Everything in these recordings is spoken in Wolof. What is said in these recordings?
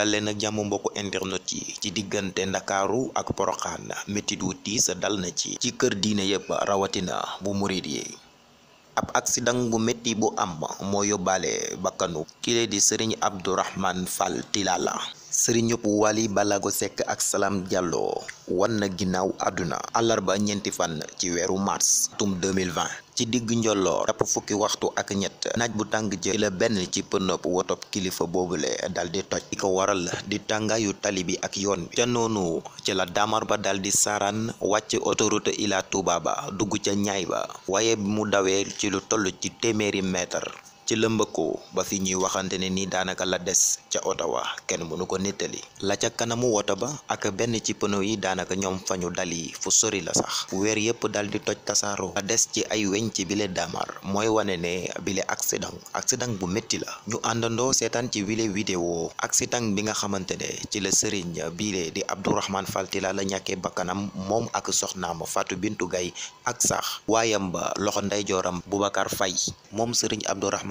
dal leen ak jàmm mbokk internet yi ci diggante ndakaaru ak poroxaan métit wu tiis dal na ci ci kër diine yëpp rawatina bu murit yi ab accident bu métti bu am moo yóbbaale bakkanu kile di sëriñ abdourahman fall tilala sëriñ ñëpp Wally Ballago Seck ak salaam Diallo wan na ginnaaw àdduna àllarba ñeenti fan ci weeru mars tum 2020 ci diggu njolloor dapp fukki waxtu ak ñett naaj bu tàng jë la benn ci pënëb wotop kilifa boobule dal di toj di ko waral di tàngaayu tali bi ak yoon ca noonu ci la damar ba dal di saaraan wàcc autoroute Ila Touba ba dugg ca ñaay ba waaye bi mu dawee ci lu toll ci téeméeri meetar ci lëmbakoo ba fi ñuy waxante ne ni daanaka la des ca oto wa kenn mënu ko nettali la ca kanamu woto ba ak benn ci pneu yi daanaka ñoom fañu dal yi fu sori la sax weer yépp dal di toj tasaaroo la des ci ay weñ ci bile daamar mooy wane ne bile accident accident bu métti la ñu àndandoo seetaan ci bile vidéo accident bi nga xamante ne ci la sëriñ bile di Abdourahmane Faltila la ñàkkee bakkanam moom ak soxnaam Fatou bintu gay ak sax waayam ba loxo ndeyjooram Boubacar Faye moom sëriñ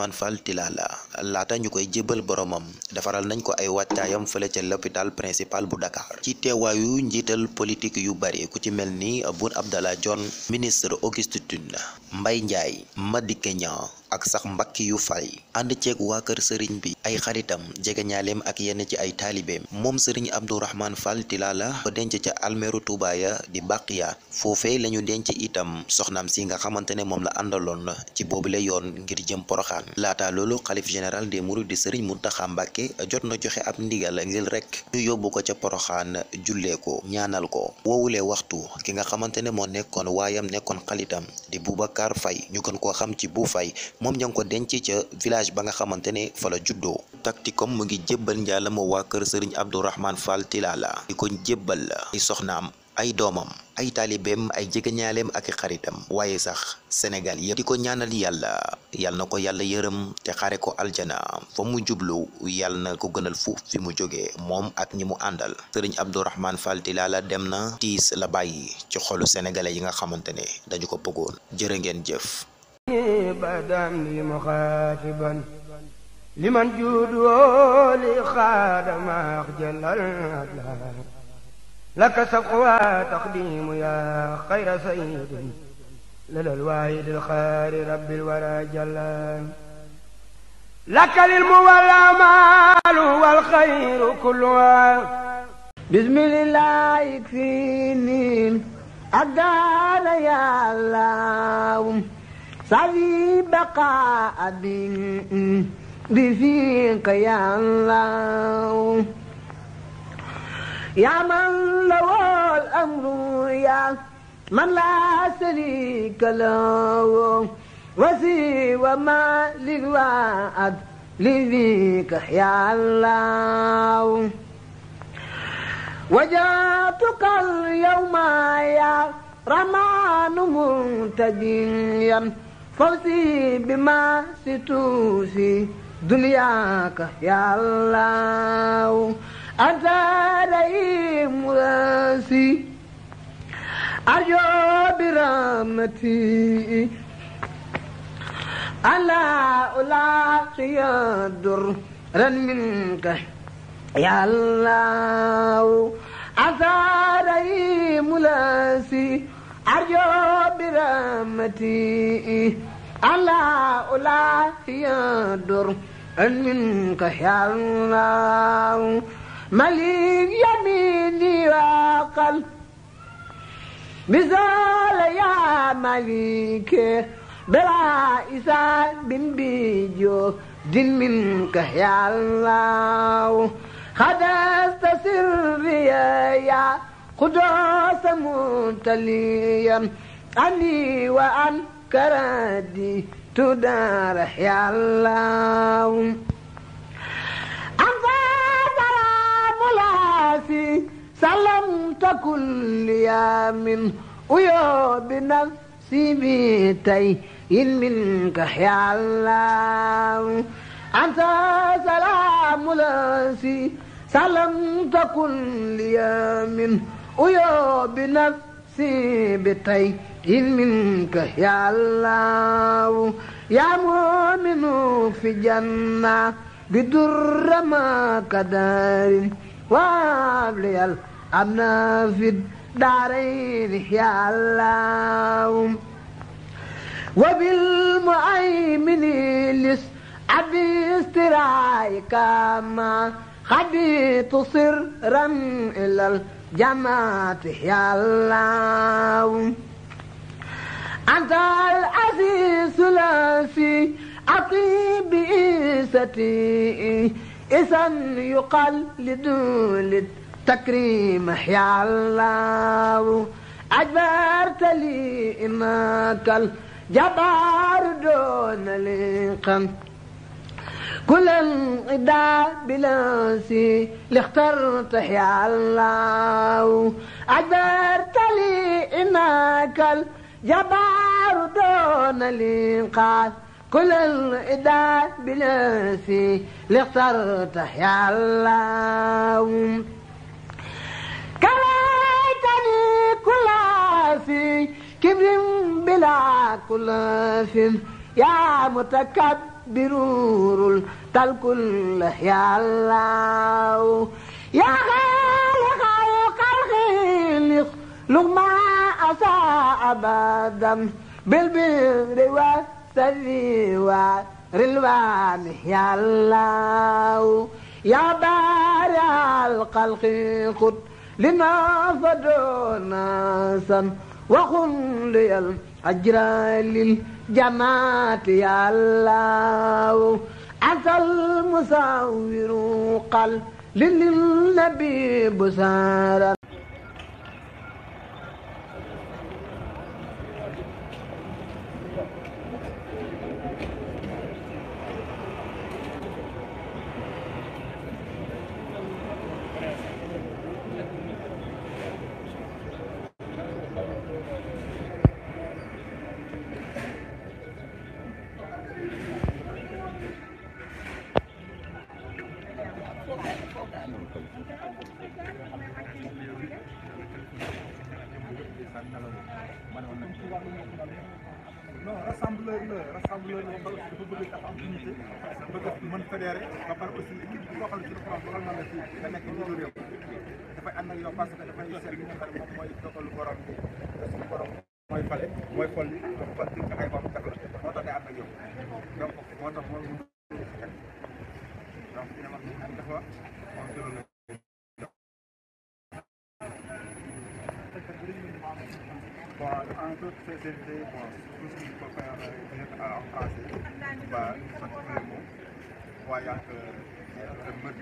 Ousmane la Tilala laata ñu koy jébbal boromam defaral nañ ko ay wàccaayam fële ca l'hôpital principal bu Dakar ci teewaayu njiital politique yu bari ku ci mel ni Boun Abdallah Dionne ministre Augustin Tine Mbaye Ndiaye Madické Niang ak sax mbakki yu fay ànd ceeg waa kër sëriñ bi ay xaritam jegeñaaleem ak yenn ci ay taalibeem moom sëriñ Abdourahmane Fall Tilala ko denc ca almeeru Tuuba ya di Baqiya foofee la ñu denc itam soxnaam si nga xamante ne moom la àndaloon ci boobu boobule yoon ngir jëm poroxaan laata loolu xalif général des mourides di sëriñ Muntaxa Mbàkke jot na joxe ab ndigal ngir rek ñu yóbbu ko ca poroxaan jullee ko ñaanal ko woowulee waxtu ki nga xamante ne moo nekkoon waayam nekkoon xalitam di Boubacar Faye ñu gën koo xam ci bu Faye moom ña ngi ko denc ca village ba nga xamante ne fa la juddoo Tacticom mu ngi jébbal njaalama waa kër Serigne Abdourahmane Fall Tilala di ko jébbal la ay soxnaam ay doomam ay taalibeem ay jegeñaaleem ak xaritam waaye sax Sénégal yëpp di ko ñaanal yàlla yàlla na ko yàlla yërëm te xare ko aljana fa mu jublu yàlla na ko gënal fuuf fi mu jógee moom ak ñi mu àndal sëriñ Abdourahmane Fall Tilala dem na tiis la bàyyi ci xolu sénégalais yi nga xamante ne dañu ko bëggoon jërë ngeen jëf بدا لي مخاطبا لمن جود ولي خادم أخجل الأدلى لك سقوى تقديم يا خير سيد للواحد الخير رب الورى جل لك للمولى مال والخير كلها بسم الله يكفيني أدار يا الله سبي بقاء بفيك يا الله يا من له الأمر يا من لا شريك له وسوى ما للوعد لذيك يا الله وجاتك اليوم يا رمان منتجيا fawzi bi ma si tuusi duniyaaka yàllaaw antaaday murasi ajo bi ramati ala ulaaqiya dur ran minka yàllaaw antaaday murasi أرجو برحمتي ألا أولا يدر أن منك يا الله مليك يميني وقل بزال يا مليك بلا إسان بن بيجو دين منك يا الله خدست سري يا قداس منتليا عني وعن كرادي تدار يا الله أنت سلام لاسي سلمت كل يوم ويا بنفسي بيتي إن منك يا الله أنت سلام لاسي سلمت كل يوم أيو بنفسي بتي منك يا الله يا مؤمن في جنة بدر ما كدار وابلي الأمن في الدارين يا الله وبالمؤمن لس أبي استرايك ما خبيت سرا إلى الأرض جمعت يا الله أنت العزيز الذي أطيب إيستي إذا يقال لدول التكريم يا الله أجبرت لي إنك الجبار دون لقم كل انقضاء بلاسي لاخترت يا الله أجبرت لي إنك الجبار دون الإنقاذ كل الإداء بلاسي لاخترت يا الله كليتني كل في كبر بلا كل يا متكبر برور الكل يا الله يا خالق الخلق لغ ما أساء أبدا بالبر والسر والرلوان يا الله يا بارع الخلق قد لنا فدونا سن وخلي ajralil jamaati yàllaaw asal musawiru qal lilil nabi bu la ñoo xam dafa bëgg dafa am unité bëgg mën fédéré ba pare aussi équipe bi koo xam ne ci France waral na la fii nga nekk njiitu réew dafay ànd ak yow parce que dafay seet li nga xam ne moom mooy dogalu borom bi suñu borom mooy fale mooy folli donc ba di taxay bam tax la moo tax day ànd ak yow donc moo tax moo donc dina wax ni dafa CCC, bon, tout ce qu'il peut faire euh, est en français. Bah, simplement, voyant que le meurtre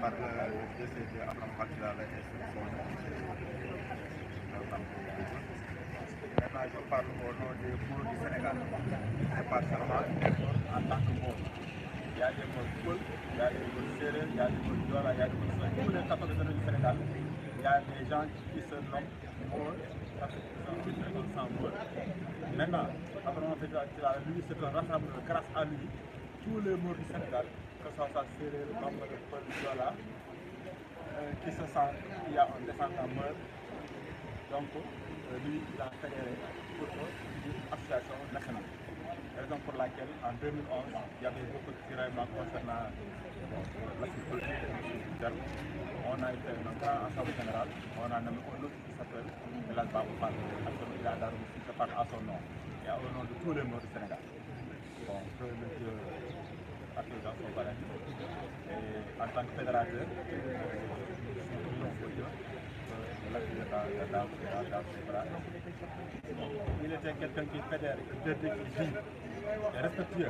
par le CCC a remporté la restriction. Maintenant, je parle au nom des mots du Sénégal. C'est pas seulement des mots en tant que mots. Il y a des mots cool, il y a des mots serrés, il y a des mots d'or, il y a des mots Tous les 14 du Sénégal, il y a des gens qui se nomment mots. de 100 joueurs. Maintenant, après on fait la lui, c'est un rassembleur grâce à lui. Tous les morts du Sénégal, que ce soit Séré, le membre de Paul, voilà, euh, qui se sent qu'il y a un descendant mort. Donc, euh, lui, il a créé pour une association nationale. raison pour laquelle en 2011, il y avait beaucoup de tiraillements concernant la On a été un grand ensemble général, on a nommé un autre qui s'appelle Elas Baboufal, il a Darum qui se parle à son nom et au nom de tous les morts du Sénégal. Bon, que le Dieu accueille dans son palais. Et en tant que fédérateur, il était quelqu'un qui fédère, qui vit respectueux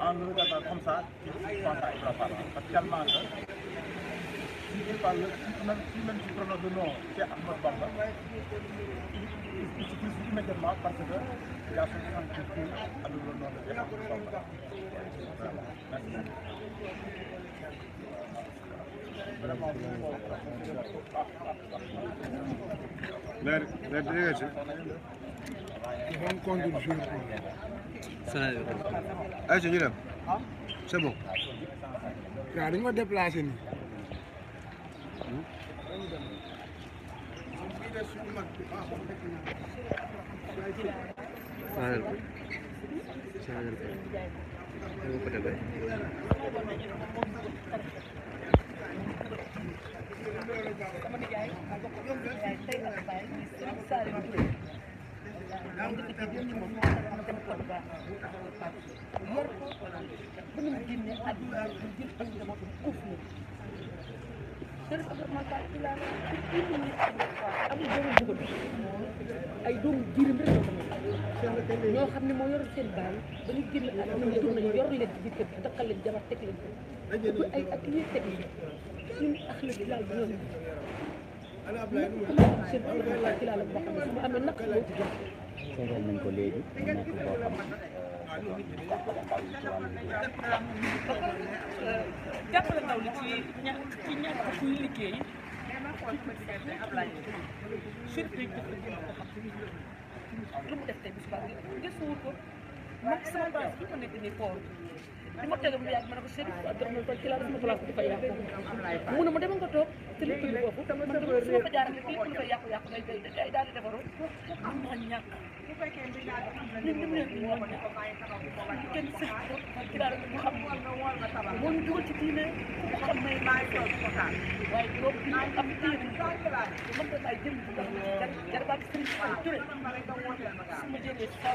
en nous regardant comme ça, qui pense à Ibrahima. Parce tellement que, si il parle, si même, si même tu prononces le nom, c'est Ahmed Bamba, il se pousse immédiatement parce que il a son sang qui coule avec le nom de Ahmed Bamba. Merci. Vraiment, la, la délégation, rencontre du jour. salaamaaleykum. ayca ñu dem c'est bon. waaw dañu ma déplacé nii. salaamaaleykum. ay doomu jirim rek ñoo xam ne moo yor seen baay ba ñu génn ak ñoom ñu doon yor leen ci kër daqal leen jabar teg leen ko ay ak ñuy teg ñun ak la bilaal bi ñoom ñu ko seen ak la bilaal boo xam ne su ma amee naq moo ci jox seedeel nañ ko léegi mu nekk koo xam jàppale ndaw li ci ña ci ñàkk kuy liggéey surtout lu mu def tey bis baax gëstuwul ko moom sama base bi ko nekk nii li ma tege bu yàgg ma ne ko Serigne Abdourahmane Fall ci laa def ma place bu fay yàqu mu ne ma demal nga toog te lépp lu bokk man dama su ma fa jaarale lépp lu fay yàqu-yàqu day day daal di defaru am naa ñàkk ñun ñu leen di ñoom ñàkk kenn sëñ ko ci laa def mu xam moo ñu dugal ci diine ku xam may maa ngi waaye loolu bi ñu am téye man da ay jëm bu baax jar baat Serigne Fall Touré su ma jëlee ci kaw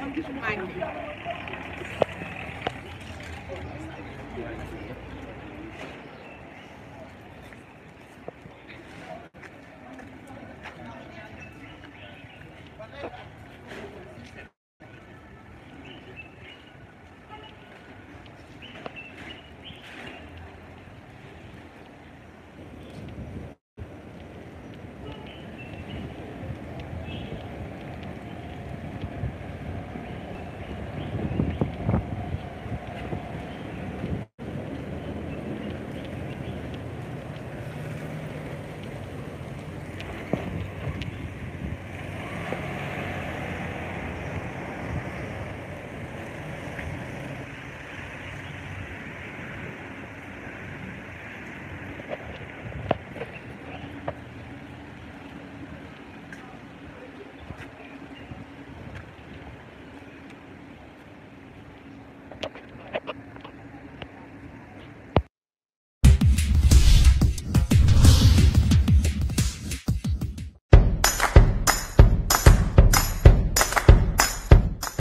man gisuma manqué